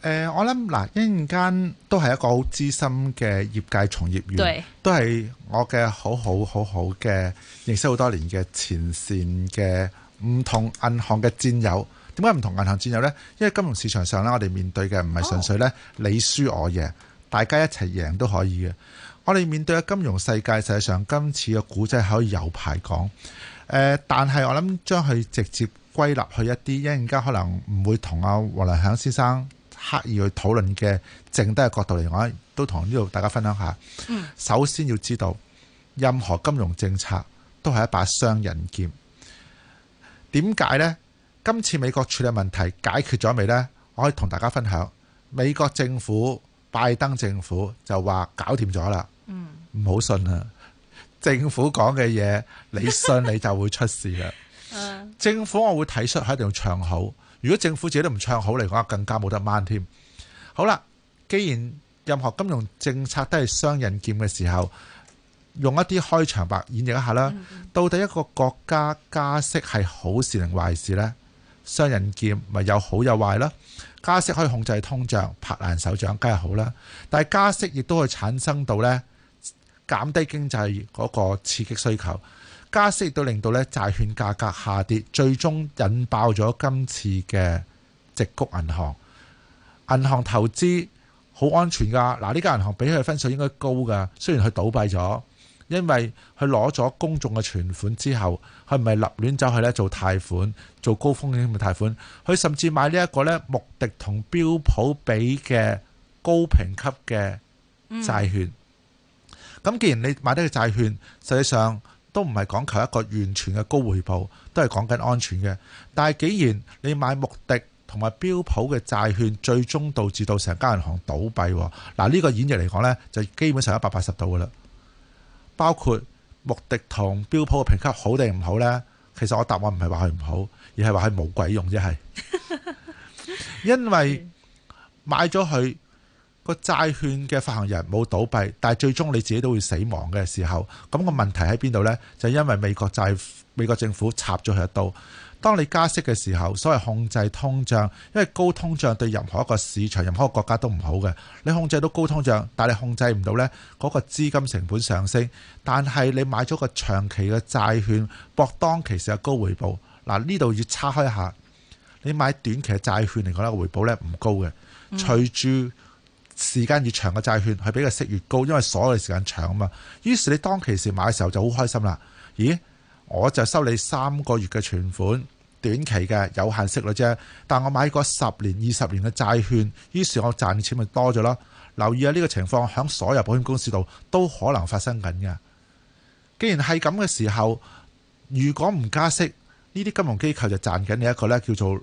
誒、呃，我諗嗱，一陣間都係一個好資深嘅業界從業員，都係我嘅好好好好嘅認識好多年嘅前線嘅唔同銀行嘅戰友。點解唔同銀行戰友呢？因為金融市場上咧，我哋面對嘅唔係純粹咧你輸我贏，哦、大家一齊贏都可以嘅。我哋面對嘅金融世界，實際上今次嘅故仔可以有排講。呃、但係我諗將佢直接歸納去一啲一陣間，可能唔會同阿黃良響先生。刻意去討論嘅剩低嘅角度嚟講，都同呢度大家分享一下。首先要知道，任何金融政策都係一把雙刃劍。點解呢？今次美國處理問題解決咗未呢？我可以同大家分享，美國政府拜登政府就話搞掂咗啦。嗯、唔好信啊！政府講嘅嘢，你信你就會出事啦、 啊。政府我會睇出佢一定要唱好。如果政府自己都唔唱好嚟講，更加冇得掹添。好啦，既然任何金融政策都係雙刃劍嘅時候，用一啲開場白演繹一下啦。到底一個國家加息係好事定壞事咧？雙刃劍咪有好有壞咯。加息可以控制通脹，拍爛手掌梗係好啦。但係加息亦都可以產生到咧減低經濟嗰個刺激需求。加息亦都令到咧，債券價格下跌，最終引爆咗今次嘅硅谷銀行。銀行投資好安全噶，嗱呢間銀行俾佢嘅分數應該高噶，雖然佢倒閉咗，因為佢攞咗公眾嘅存款之後，佢唔係立亂走去咧做貸款，做高風險嘅貸款，佢甚至買呢一個咧穆迪同標普俾嘅高評級嘅債券。咁、嗯、既然你買得嘅債券，實際上，都唔係講求一個完全嘅高回報，都係講緊安全嘅。但係既然你買穆迪同埋標普嘅債券，最終導致到成間銀行倒閉，嗱、啊、呢、這個演繹嚟講呢，就基本上一百八十度噶啦。包括穆迪同標普嘅評級好定唔好呢？其實我答案唔係話佢唔好，而係話佢冇鬼用，即係，因為買咗佢。個債券嘅發行人冇倒閉，但係最終你自己都會死亡嘅時候，咁個問題喺邊度呢？就因為美國債、美國政府插咗佢一刀。當你加息嘅時候，所謂控制通脹，因為高通脹對任何一個市場、任何一個國家都唔好嘅。你控制到高通脹，但係你控制唔到呢嗰個資金成本上升。但係你買咗個長期嘅債券，博當期成個高回報。嗱，呢度要叉開一下，你買短期嘅債券嚟講咧，個回報呢唔高嘅。隨住時間越長嘅債券，佢俾嘅息越高，因為所有嘅時間長啊嘛。於是你當其時買嘅時候就好開心啦。咦，我就收你三個月嘅存款，短期嘅有限息嘅啫。但我買過十年、二十年嘅債券，於是我賺嘅錢咪多咗咯。留意下、啊、呢、呢個情況喺所有保險公司度都可能發生緊嘅。既然係咁嘅時候，如果唔加息，呢啲金融機構就賺緊你一個咧，叫做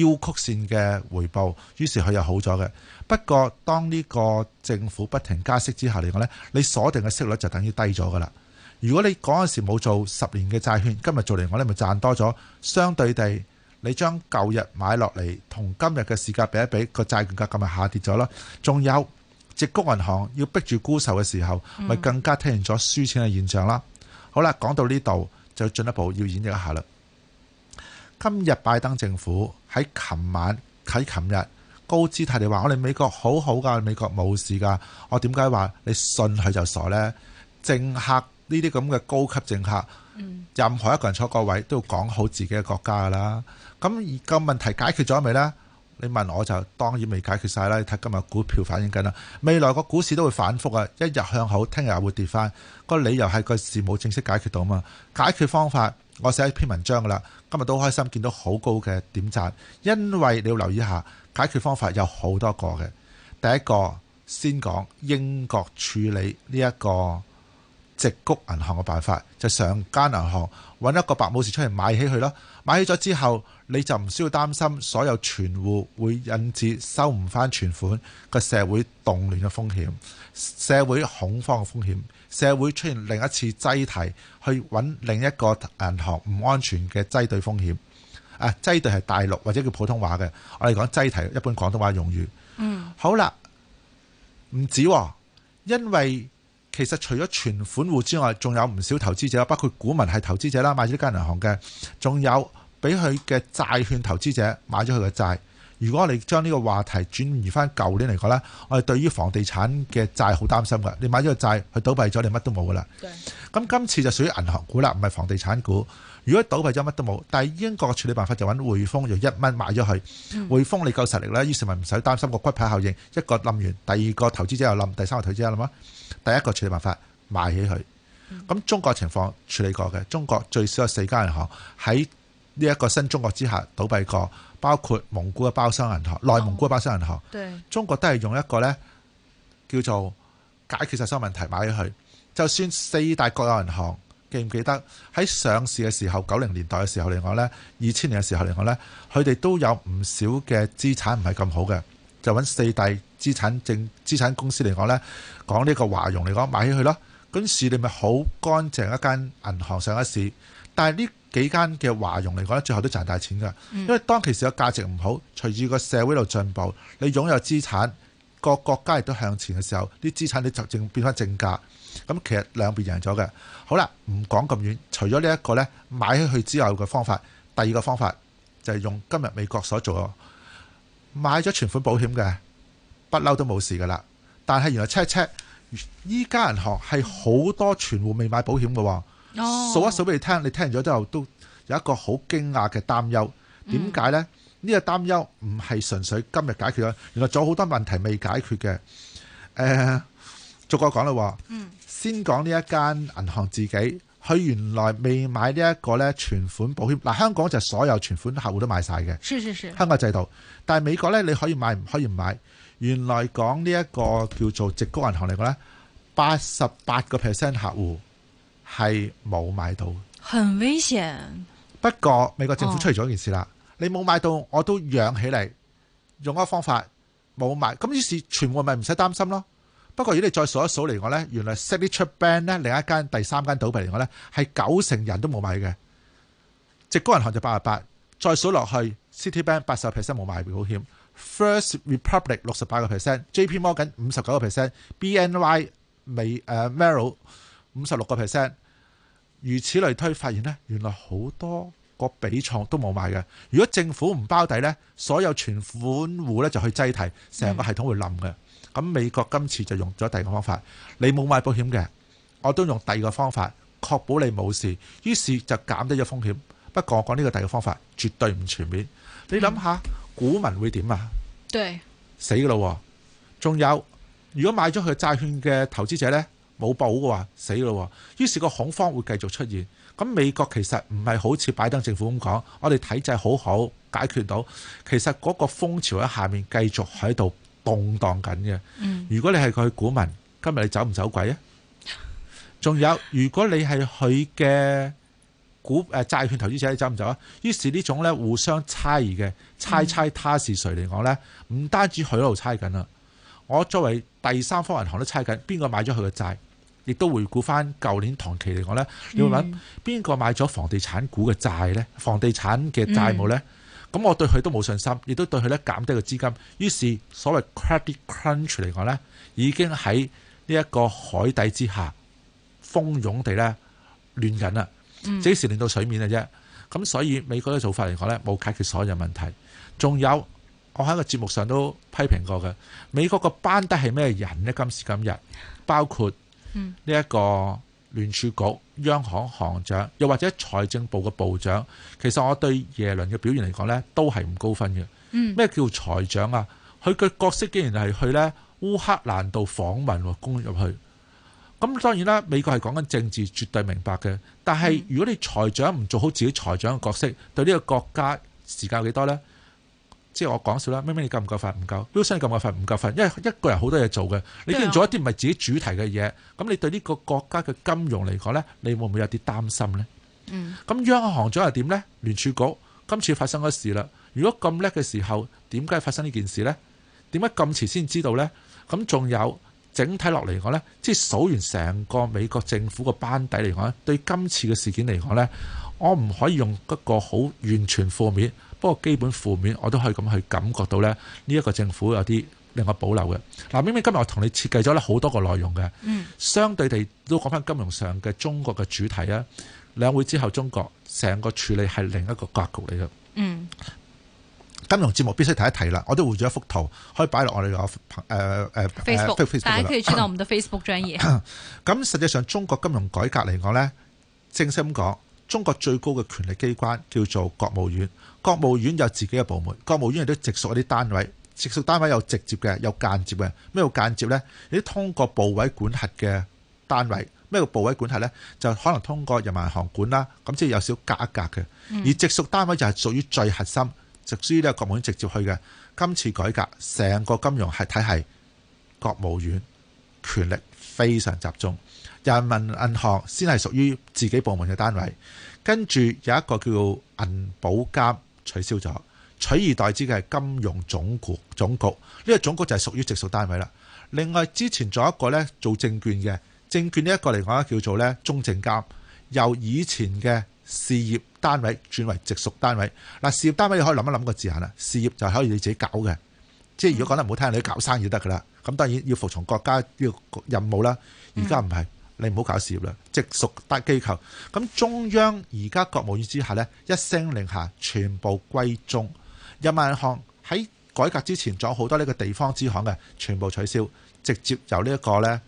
U 曲線嘅回報，於是佢又好咗嘅。不過當呢個政府不停加息之下嚟講呢，你鎖定嘅息率就等於低咗噶啦。如果你嗰陣時冇做十年嘅債券，今日做嚟講你咪賺多咗。相對地，你將舊日買落嚟同今日嘅市價比一比，個債券價格咪下跌咗咯。仲有硅谷銀行要逼住沽售嘅時候，咪、嗯、更加出現咗輸錢嘅現象啦。好啦，講到呢度就進一步要演繹一下啦。今日拜登政府喺琴晚，喺琴日高姿態地話，我哋美國好好噶，美國冇事噶。我點解話你信佢就傻咧？政客呢啲咁嘅高級政客，任何一個人坐個位都要講好自己嘅國家噶啦。咁而個問題解決咗未咧？你問我就當然未解決晒啦！你睇今日股票反應緊啦，未來個股市都會反覆啊！一日向好，聽日又會跌翻。個理由係個事冇正式解決到嘛？解決方法我寫一篇文章噶啦。今日都好開心見到好高嘅點讚，因為你要留意一下，解決方法有好多個嘅。第一個先講英國處理呢一個硅谷銀行嘅辦法，就上間銀行揾一個白武士出嚟買起佢咯，買起咗之後。你就唔需要擔心所有存戶會引致收唔翻存款嘅社會動亂嘅風險、社會恐慌嘅風險、社會出現另一次擠提去揾另一個銀行唔安全嘅擠兌風險。啊，擠兌係大陸或者叫普通話嘅，我哋講擠提，一般廣東話用語。嗯，好啦，唔止喎，因為其實除咗存款戶之外，仲有唔少投資者，包括股民係投資者啦，買咗呢間銀行嘅，仲有。俾佢嘅債券投資者買咗佢嘅債。如果我哋將呢個話題轉移翻舊年嚟講咧，我哋對於房地產嘅債好擔心㗎。你買咗個債，佢倒閉咗，你乜都冇㗎啦。咁今次就屬於銀行股啦，唔係房地產股。如果倒閉咗乜都冇，但係英國嘅處理辦法就揾匯豐就一蚊買咗佢。匯豐你夠實力啦，於是咪唔使擔心個骨牌效應，一個冧完，第二個投資者又冧，第三個投資者又冧啊。第一個處理辦法買起佢。咁中國情況處理過嘅，中國最少有四間銀行喺。呢、這、一個新中國之下倒閉過，包括蒙古嘅包商銀行、內蒙古嘅包商銀行、哦對，中國都係用一個呢叫做解決實質問題買起佢。就算四大國有銀行，記唔記得喺上市嘅時候、九零年代嘅時候嚟講呢？二千年嘅時候嚟講呢，佢哋都有唔少嘅資產唔係咁好嘅，就揾四大資產證資產公司嚟講呢，講呢個華融嚟講買起佢咯。嗰時你咪好乾淨一間銀行上一市。但係呢幾間嘅華融嚟講，最後都賺大錢噶。因為當其時個價值唔好，隨住個社會度進步，你擁有資產，個國家亦都向前嘅時候，啲資產你就正變翻正價。咁其實兩邊贏咗嘅。好啦，唔講咁遠。除咗呢一個呢，買起去之後嘅方法，第二個方法就係用今日美國所做買咗存款保險嘅，不嬲都冇事噶啦。但係原來 check check，依家銀行係好多存戶未買保險嘅喎。數、哦、一數俾你聽，你聽完咗之後都有一個好驚訝嘅擔憂。點解呢？呢、嗯這個擔憂唔係純粹今日解決咗，原來仲有好多問題未解決嘅。誒、呃，逐個講啦。嗯。先講呢一間銀行自己，佢原來未買呢一個咧存款保險。嗱，香港就所有存款客戶都買晒嘅。是是是。香港制度，但係美國咧，你可以買，可以唔買。原來講呢一個叫做矽谷銀行嚟嘅咧，八十八個 percent 客戶。係冇買到，很危險。不過美國政府出嚟做一件事啦、哦，你冇買到我都養起嚟，用個方法冇買，咁於是全部咪唔使擔心咯。不過如果你再數一數嚟講呢，原來 Signature Bank 呢另一間第三間倒閉嚟講呢，係九成人都冇買嘅。矽谷銀行就八十八，再數落去 City Bank 八十個 percent 冇買保險，First Republic 六十八個 percent，J P Morgan 五十九個 percent，B N Y 美誒 Merrill 五十六個 percent，如此類推，發現咧，原來好多個比重都冇買嘅。如果政府唔包底咧，所有存款戶咧就去擠提，成個系統會冧嘅。咁美國今次就用咗第二個方法，你冇買保險嘅，我都用第二個方法，確保你冇事，於是就減低咗風險。不過我講呢個第二個方法絕對唔全面，你諗下股民會點啊？對，死噶咯。仲有，如果買咗佢債券嘅投資者咧？冇保嘅話死咯，於是個恐慌會繼續出現。咁美國其實唔係好似拜登政府咁講，我哋體制好好解決到。其實嗰個風潮喺下面繼續喺度動盪緊嘅。嗯。如果你係佢股民，今日你走唔走鬼啊？仲有如果你係佢嘅股誒、啊、債券投資者，你走唔走啊？於是種呢種咧互相猜疑嘅猜猜他是誰嚟講呢，唔單止佢度猜緊啦，我作為第三方銀行都猜緊邊個買咗佢嘅債。亦都回顧翻舊年同期嚟講呢，你會諗邊個買咗房地產股嘅債呢？房地產嘅債務呢？咁我對佢都冇信心，亦都對佢呢減低個資金。於是所謂 credit crunch 嚟講呢已經喺呢一個海底之下，蜂擁地咧亂緊啦。即時令到水面嘅啫，咁所以美國嘅做法嚟講呢冇解決所有問題。仲有我喺一個節目上都批評過嘅，美國個班底係咩人呢？今時今日包括。呢、嗯、一個聯儲局央行行長，又或者財政部嘅部長，其實我對耶倫嘅表現嚟講呢，都係唔高分嘅。咩叫財長啊？佢嘅角色竟然係去呢烏克蘭度訪問，攻入去。咁當然啦，美國係講緊政治，絕對明白嘅。但係如果你財長唔做好自己財長嘅角色，對呢個國家時間有幾多呢？即係我講笑啦，咩咩你夠唔夠份？唔夠，標新你夠唔夠份？唔夠份，因為一個人好多嘢做嘅，你竟然做一啲唔係自己主題嘅嘢，咁你對呢個國家嘅金融嚟講呢，你會唔會有啲擔心呢？嗯，咁央行長又點呢？聯儲局今次發生咗事啦，如果咁叻嘅時候，點解發生呢件事呢？點解咁遲先知道呢？咁仲有整體落嚟講呢，即係數完成個美國政府個班底嚟講，對今次嘅事件嚟講呢，我唔可以用一個好完全負面。不過基本負面，我都可以咁去感覺到咧，呢、這、一個政府有啲令我保留嘅。嗱，明明今日我同你設計咗咧好多個內容嘅、嗯，相對地都講翻金融上嘅中國嘅主題啊。兩會之後，中國成個處理係另一個格局嚟嘅。嗯，金融節目必須睇一睇啦。我都換咗一幅圖，可以擺落我哋個、呃 Facebook，呃、Facebook，大家可以轉到我哋嘅 Facebook 專頁。咁 實際上中國金融改革嚟講咧，正式咁講。中國最高嘅權力機關叫做國務院，國務院有自己嘅部門，國務院亦都直屬一啲單位，直屬單位有直接嘅，有間接嘅。咩叫間接呢？你通過部委管轄嘅單位，咩叫部委管轄呢？就可能通過人民銀行管啦，咁即係有少隔一格嘅、嗯。而直屬單位就係屬於最核心，屬於呢個國務院直接去嘅。今次改革，成個金融係體系，國務院權力非常集中。人民銀行先係屬於自己部門嘅單位，跟住有一個叫銀保監，取消咗，取而代之嘅係金融總局總局，呢個總局就係屬於直屬單位啦。另外之前仲有一個呢做證券嘅，證券呢一個嚟講咧叫做呢中證監，由以前嘅事業單位轉為直屬單位。嗱，事業單位你可以諗一諗個字眼啦，事業就係可以你自己搞嘅，即係如果講得唔好聽，你搞生意就得㗎啦。咁當然要服從國家呢個任務啦，而家唔係。你唔好搞事業啦，直屬得機構，咁中央而家國務院之下咧，一聲令下，全部歸中。人民銀行喺改革之前，仲有好多呢個地方支行嘅，全部取消，直接由呢一個咧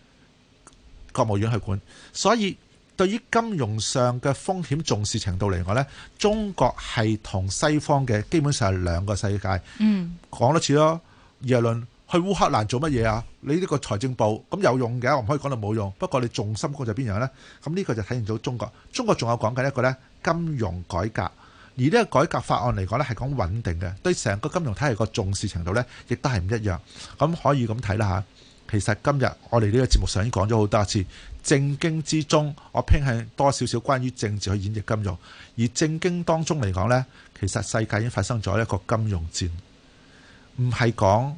國務院去管。所以對於金融上嘅風險重視程度嚟講咧，中國係同西方嘅基本上係兩個世界。嗯，講多次咯，耶倫。去烏克蘭做乜嘢啊？你呢個財政部咁有用嘅，我唔可以講到冇用。不過你重心嗰就邊樣呢？咁呢個就體現咗中國。中國仲有講緊一個呢金融改革，而呢個改革法案嚟講呢係講穩定嘅，對成個金融體系個重視程度呢亦都係唔一樣。咁可以咁睇啦嚇。其實今日我哋呢個節目上已經講咗好多次，政經之中我偏向多少少關於政治去演繹金融，而政經當中嚟講呢，其實世界已經發生咗一個金融戰，唔係講。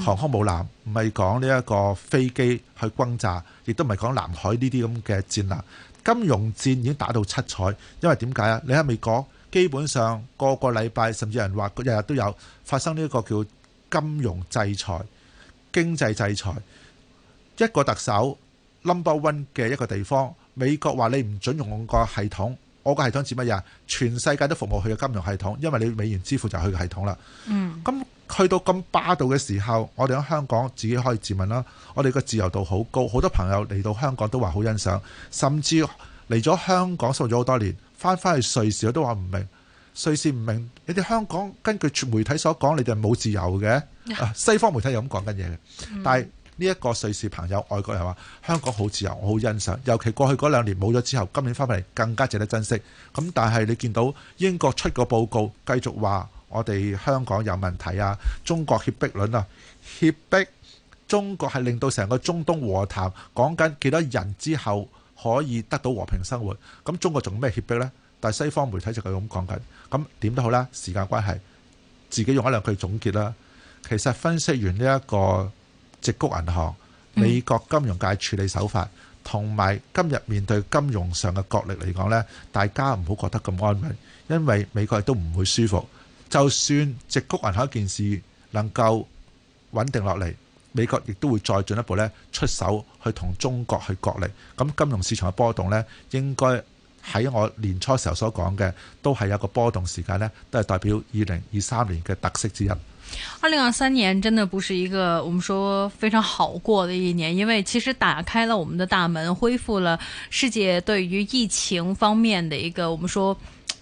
航空母艦唔係講呢一個飛機去轟炸，亦都唔係講南海呢啲咁嘅戰艦。金融戰已經打到七彩，因為點解啊？你喺美國，基本上個個禮拜甚至有人話日日都有發生呢一個叫金融制裁、經濟制裁。一個特首 Number One 嘅一個地方，美國話你唔準用個系統，我個系統指乜嘢？全世界都服務佢嘅金融系統，因為你美元支付就係佢嘅系統啦。嗯，咁。去到咁霸道嘅時候，我哋喺香港自己可以自問啦。我哋個自由度好高，好多朋友嚟到香港都話好欣賞，甚至嚟咗香港受咗好多年，翻返去瑞士我都話唔明。瑞士唔明你哋香港根據媒體所講，你哋係冇自由嘅。Yeah. 西方媒體有咁講緊嘢嘅。但係呢一個瑞士朋友，外國人話香港好自由，我好欣賞。尤其過去嗰兩年冇咗之後，今年翻返嚟更加值得珍惜。咁但係你見到英國出個報告，繼續話。我哋香港有問題啊！中國脅迫論啊，脅迫中國係令到成個中東和談講緊幾多人之後可以得到和平生活。咁中國仲咩脅迫呢？但係西方媒體就係咁講緊。咁點都好啦，時間關係，自己用一兩句總結啦。其實分析完呢一個硅谷銀行美國金融界處理手法，同、嗯、埋今日面對金融上嘅角力嚟講呢，大家唔好覺得咁安穩，因為美國都唔會舒服。就算硅谷銀行一件事能夠穩定落嚟，美國亦都會再進一步咧出手去同中國去角力。咁金融市場嘅波動咧，應該喺我年初時候所講嘅，都係有個波動時間咧，都係代表二零二三年嘅特色之一。二零二三年真的不是一個我們說非常好過嘅一年，因為其實打開了我們嘅大門，恢復了世界對於疫情方面嘅一個我們說。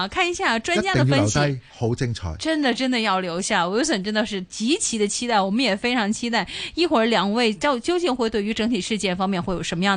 啊，看一下專家的分析，好精彩！真的，真的要留下。Wilson 真的是極其的期待，我們也非常期待。一會兒兩位，到究竟會對於整體事件方面會有什麼樣的？